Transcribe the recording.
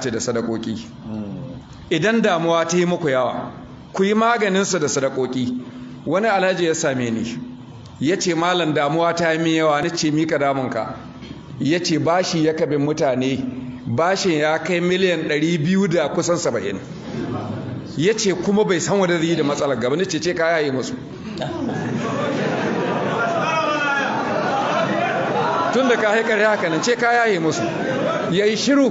ce da sadakoki idan damuwa ta yi muku yawa ku yi maganinsa da sadakoki wani alhaji ya same ni ya ce malam damuwa ta yi min yawa na ce mika damunka ya ce bashi ya kabe mutane bashin ya kai miliyan 200 da kusan 70 ya ce kuma bai san wadda yi da matsalar gaba ni ce ce kaya yi musu tun da ka haikar haka nan ce kaya yi musu ya yi shiru